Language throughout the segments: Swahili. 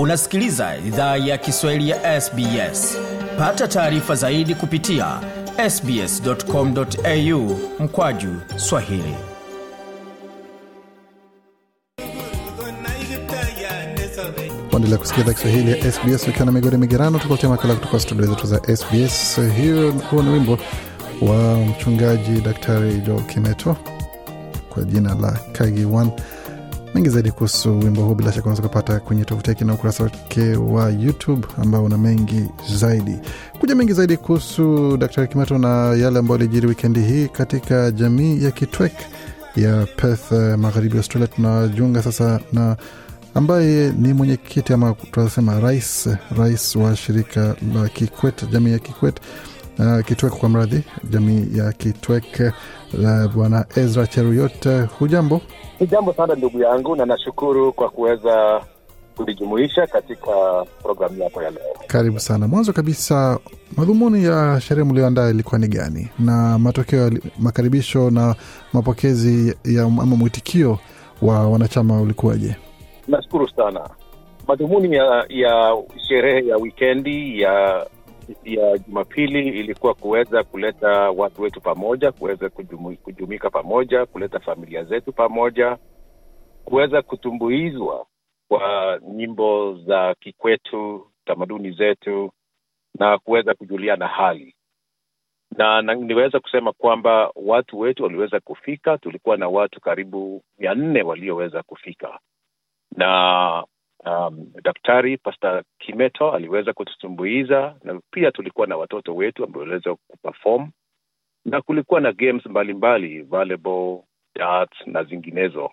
unasikiliza idhaa ya kiswahili ya sbs pata taarifa zaidi kupitia sbscomau mkwaju swahili waendelea kusikia idhaa kiswahili ya sbs ukiwa na migodi migerano tukuletea makala kutoka studio zetu za sbs hiyo huo ni wimbo wa mchungaji daktari jo kimeto kwa jina la kagi Mengi zaidi kuhusu wimbo huu bila shaka unaweza kupata kwenye tovuti yake na ukurasa wake wa YouTube ambao una mengi zaidi kuja mengi zaidi kuhusu Daktari Kimato na yale ambayo alijiri wikendi hii katika jamii ya Kitwek ya Perth, eh, magharibi Australia. Tunajiunga sasa na ambaye ni mwenyekiti ama tunasema rais, rais wa shirika la Kikwet, jamii ya Kikwet uh, Kitwek kwa mradhi jamii ya Kitwek. Bwana Ezra Cheruyot, hujambo? Hujambo sana ndugu yangu, na nashukuru kwa kuweza kulijumuisha katika programu yako ya leo. Karibu sana. Mwanzo kabisa, madhumuni ya sherehe mlioandaa ilikuwa ni gani, na matokeo ya makaribisho na mapokezi ya ama mwitikio wa wanachama ulikuwaje? Nashukuru sana. Madhumuni ya, ya sherehe ya wikendi ya ya Jumapili ilikuwa kuweza kuleta watu wetu pamoja, kuweza kujumika pamoja, kuleta familia zetu pamoja, kuweza kutumbuizwa kwa nyimbo za kikwetu, tamaduni zetu na kuweza kujuliana hali na, na niweza kusema kwamba watu wetu waliweza kufika. Tulikuwa na watu karibu mia nne walioweza kufika na Um, Daktari past Kimeto aliweza kututumbuiza na pia tulikuwa na watoto wetu ambao waliweza kuperform, na kulikuwa na games mbalimbali volleyball, darts na zinginezo.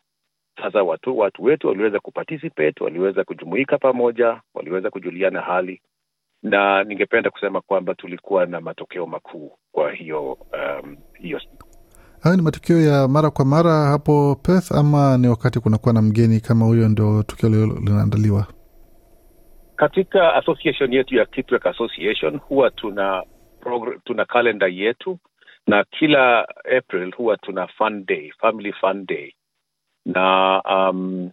Sasa watu, watu wetu waliweza kuparticipate, waliweza kujumuika pamoja, waliweza kujuliana hali, na ningependa kusema kwamba tulikuwa na matokeo makuu kwa hiyo um, hiyo Hayo ni matukio ya mara kwa mara hapo Perth, ama ni wakati kunakuwa na mgeni kama huyo, ndio tukio lilo linaandaliwa katika association yetu ya Kitwek Association. Huwa tuna tuna kalenda yetu, na kila April huwa tuna fun day, family fun day na um,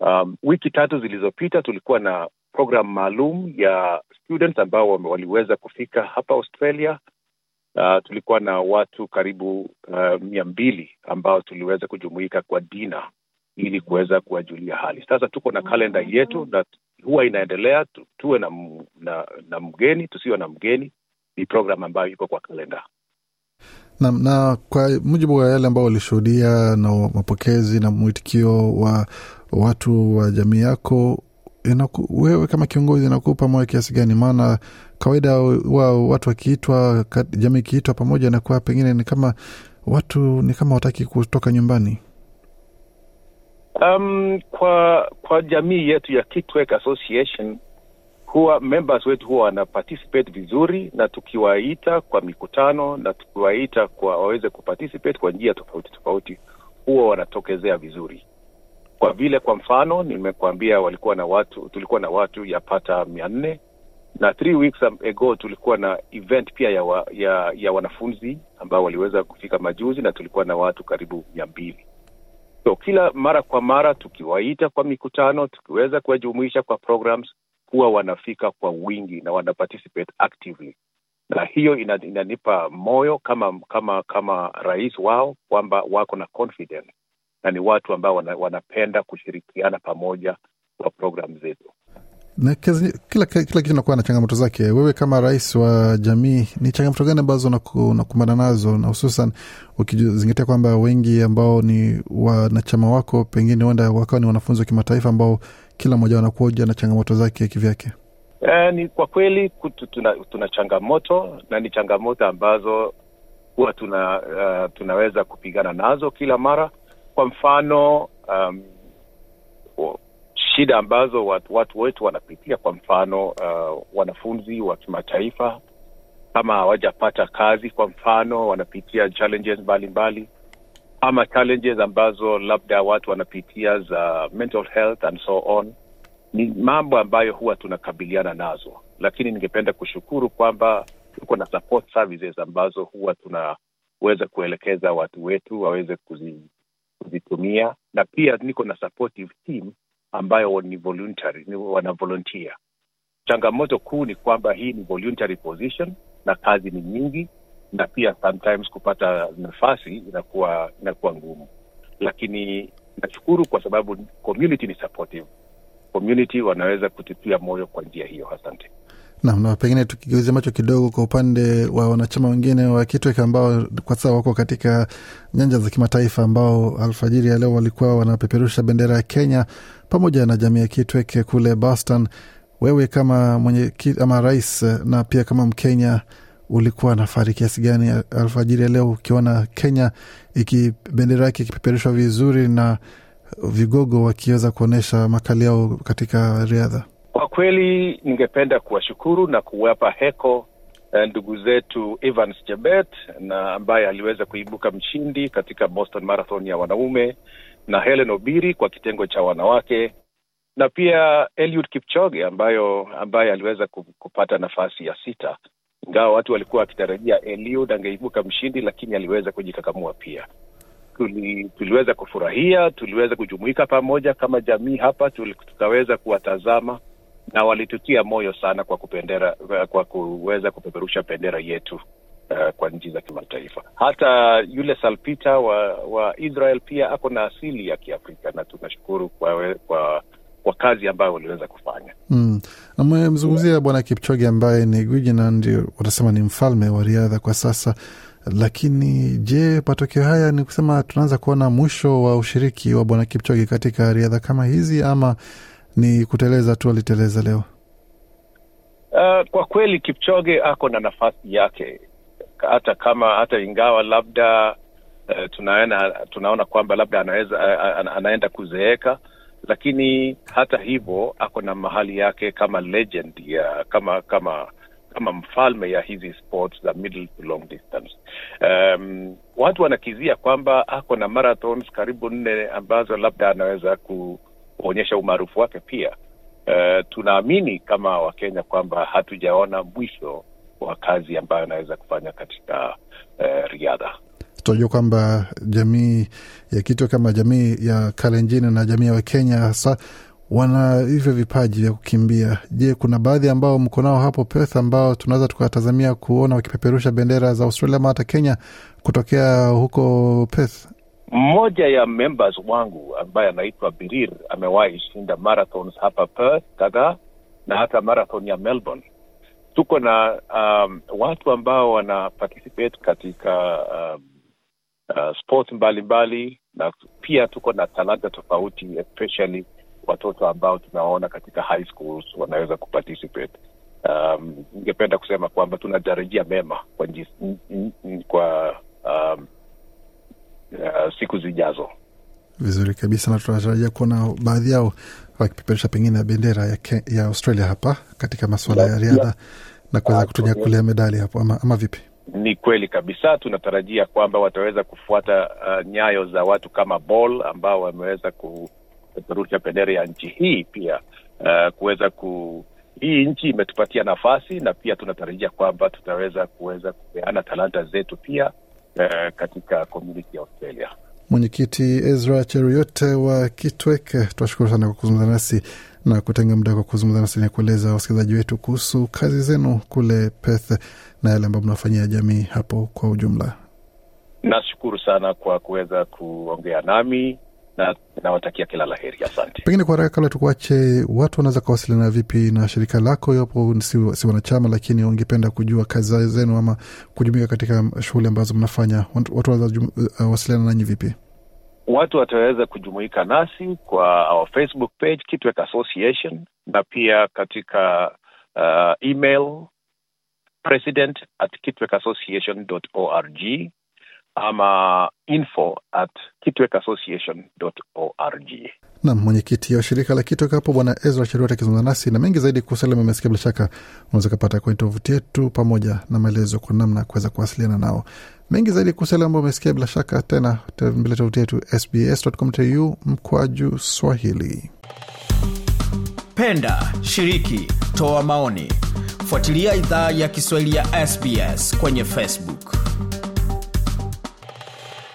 um, wiki tatu zilizopita tulikuwa na program maalum ya students ambao waliweza kufika hapa Australia Uh, tulikuwa na watu karibu uh, mia mbili ambao tuliweza kujumuika kwa dina ili kuweza kuwajulia hali. Sasa tuko na kalenda mm-hmm. yetu na huwa inaendelea tu, tuwe na, na, na mgeni tusiwe na mgeni. Ni programu ambayo iko kwa kalenda na, na kwa mujibu wa yale ambao walishuhudia na mapokezi na mwitikio wa watu wa jamii yako, wewe kama kiongozi inakupa moyo kiasi gani? Maana kawaida wa watu wakiitwa, jamii ikiitwa pamoja, kuwa pengine ni kama watu ni kama wataki kutoka nyumbani. Um, kwa kwa jamii yetu ya Kitwek Association huwa members wetu huwa wana vizuri, na tukiwaita kwa mikutano na tukiwaita kwa waweze kuparticipate kwa njia tofauti tofauti, huwa wanatokezea vizuri. Kwa vile kwa mfano nimekuambia, walikuwa na watu tulikuwa na watu yapata mia nne na three weeks ago tulikuwa na event pia ya, wa, ya, ya wanafunzi ambao waliweza kufika majuzi, na tulikuwa na watu karibu mia mbili. So kila mara kwa mara tukiwaita kwa mikutano, tukiweza kuwajumuisha kwa programs, huwa wanafika kwa wingi na wana actively, na hiyo inanipa moyo kama kama kama rais wao kwamba wako na confidence na ni watu ambao wana, wanapenda kushirikiana pamoja kwa program zetu na kazi, kila, kila, kitu nakuwa na changamoto zake. Wewe kama rais wa jamii, ni changamoto gani ambazo unakumbana nazo, na hususan ukizingatia kwamba wengi ambao ni wanachama wako pengine huenda wakawa ni wanafunzi wa kimataifa ambao kila mmoja wanakuja na changamoto zake kivyake? E, ni kwa kweli kutu, tuna, tuna changamoto na ni changamoto ambazo huwa tuna, uh, tunaweza kupigana nazo kila mara. Kwa mfano um, shida ambazo watu, watu wetu wanapitia. Kwa mfano uh, wanafunzi wa kimataifa kama hawajapata kazi, kwa mfano wanapitia challenges mbalimbali, ama challenges ambazo labda watu wanapitia za mental health and so on. Ni mambo ambayo huwa tunakabiliana nazo, lakini ningependa kushukuru kwamba tuko na support services ambazo huwa tunaweza kuelekeza watu wetu waweze kuzitumia na pia niko na supportive team ambayo ni voluntary, ni wanavolunteer. Changamoto kuu ni kwamba hii ni voluntary position na kazi ni nyingi, na pia sometimes kupata nafasi inakuwa inakuwa ngumu, lakini nashukuru kwa sababu community ni supportive. Community wanaweza kututia moyo kwa njia hiyo. Asante nam. Na pengine tukigeuza macho kidogo kwa upande wa wanachama wengine wa Kitwek ambao kwa sasa wako katika nyanja za kimataifa, ambao alfajiri ya leo walikuwa wanapeperusha bendera ya Kenya pamoja na jamii ya Kitweke kule Boston. Wewe kama mwenye ama rais na pia kama Mkenya, ulikuwa na fahari kiasi gani alfajiri ya leo ukiona Kenya iki bendera yake ikipeperushwa vizuri na vigogo wakiweza kuonyesha makali yao katika riadha? Kwa kweli ningependa kuwashukuru na kuwapa heko eh, ndugu zetu Evans Chebet na ambaye aliweza kuibuka mshindi katika Boston Marathon ya wanaume na Helen Obiri kwa kitengo cha wanawake na pia Eliud Kipchoge ambayo ambaye aliweza kupata nafasi ya sita, ingawa watu walikuwa wakitarajia Eliud angeibuka mshindi, lakini aliweza kujikakamua pia. Tuli, tuliweza kufurahia, tuliweza kujumuika pamoja kama jamii hapa, tukaweza kuwatazama na walitutia moyo sana kwa kupendera, kwa kuweza kupeperusha bendera yetu uh, kwa nchi za kimataifa. Hata yule Salpita wa, wa Israel pia ako na asili ya Kiafrika, na tunashukuru kwa, kwa kwa kazi ambayo waliweza kufanya. Mm. Amemzungumzia Bwana Kipchoge ambaye ni gwiji na ndio watasema ni mfalme wa riadha kwa sasa, lakini je, matokeo haya ni kusema tunaanza kuona mwisho wa ushiriki wa Bwana Kipchoge katika riadha kama hizi ama ni kuteleza tu aliteleza leo? Uh, kwa kweli Kipchoge ako na nafasi yake hata kama hata ingawa labda uh, eh, tunaona tunaona kwamba labda anaweza uh, anaenda kuzeeka lakini hata hivyo ako na mahali yake kama legend ya kama kama kama mfalme ya hizi sports za middle to long distance. Um, watu wanakizia kwamba ako na marathons karibu nne ambazo labda anaweza kuonyesha umaarufu wake pia. Uh, tunaamini kama Wakenya kwamba hatujaona mwisho wa kazi ambayo anaweza kufanya katika eh, riadha. Tunajua kwamba jamii ya Kitwe kama jamii ya Kalenjini na jamii ya Wakenya hasa wana hivyo vipaji vya kukimbia. Je, kuna baadhi ambao mko nao hapo Perth ambao tunaweza tukawatazamia kuona wakipeperusha bendera za Australia ama hata Kenya kutokea huko Perth? Mmoja ya members wangu ambaye anaitwa Birir amewahi shinda marathons hapa Perth kadhaa na hata marathon ya Melbourne tuko na um, watu ambao wana participate katika um, uh, sport mbalimbali na pia tuko na talanta tofauti especially watoto ambao tunaona katika high schools wanaweza kuparticipate um, kusema kwamba tunatarajia mema kwa, njis, n, n, n, kwa um, uh, siku zijazo Vizuri kabisa, na tunatarajia kuona baadhi yao wakipeperusha pengine bendera ya, ke, ya Australia hapa katika masuala ya riadha na kuweza ah, kulea medali hapo ama, ama vipi? Ni kweli kabisa, tunatarajia kwamba wataweza kufuata uh, nyayo za watu kama bol ambao wameweza kupeperusha bendera ya nchi hii pia uh, kuweza ku hii nchi imetupatia nafasi na pia tunatarajia kwamba tutaweza kuweza kupeana talanta zetu pia uh, katika community ya Australia. Mwenyekiti Ezra Cheruyot wa Kitwek, tunashukuru sana kwa kuzungumza nasi na kutenga muda kwa kuzungumza nasi na kueleza wasikilizaji wetu kuhusu kazi zenu kule Perth na yale ambayo mnafanyia jamii hapo kwa ujumla. Nashukuru sana kwa kuweza kuongea nami na nawatakia kila la Asante. Pengine kwa haraka, kabla tukuache, watu wanaweza kuwasiliana vipi na shirika lako iwapo si, si wanachama lakini wangependa kujua kazi zenu ama kujumuika katika shughuli ambazo mnafanya? Watu wanaweza uh, wasiliana nanyi vipi? Watu wataweza kujumuika nasi kwa our Facebook page Kitwek Association na pia katika uh, email president at kitwekassociation.org ama info at org Nam mwenyekiti wa shirika la Kitwek hapo Bwana Ezra Cheruat akizungumza nasi na mengi zaidi kuhusu yale umesikia, bila shaka unaweza ukapata kwenye tovuti yetu pamoja na maelezo kwa namna ya kuweza kuwasiliana nao. Mengi zaidi kuhusu ambao umesikia, bila shaka tena tembelea tovuti yetu sbs.com.au mkwaju Swahili. Penda, shiriki, toa maoni, fuatilia idhaa ya Kiswahili ya SBS kwenye Facebook.